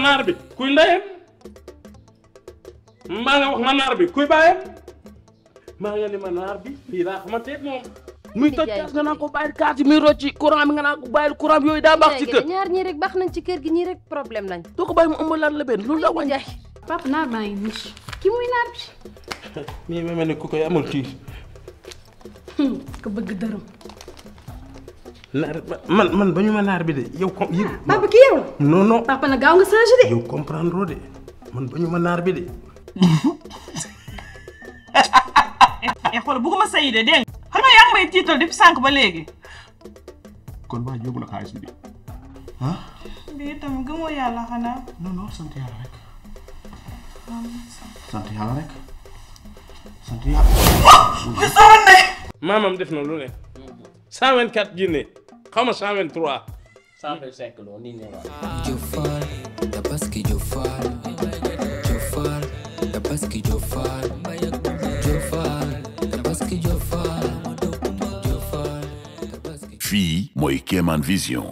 naar bi kuy ndayem ma nga wax ma bi kuy bàyyam ma nga ni manar bi fi la xamate mom muy tok kaas nga nako bayil carte mi rocci courant mi nga nako bayil courant yoy da bax ci keur ñaar ñi rek bax nañ ci keur gi ñi rek problème nañ to ko bay mu ëmb lan la ben lu la wañ pap naar baa ngi nii ki muy nar bi mi ma mel ku koy amul kii hmm, ko bëgg dërëm naar man man bañu ma naar bi de yow ko yow papa ah, ki yow non non papa na gaaw nga changer de yow comprendre de man bañu ma naar bi de eh xol buguma sayi de deng xam nga yaa may tiital depuis sank ba léegi kon waa yóbbu na xaalis bi ah bi itam gëmoo yàlla xanaa non non sant yàlla rek ah, sant Mama rek sant yàlla oh! mamam def na lu ne 124 jinne xaw ma 123. 125 loolu nii ñu Jofaal Tabaski fii mooy Kéemaan Vision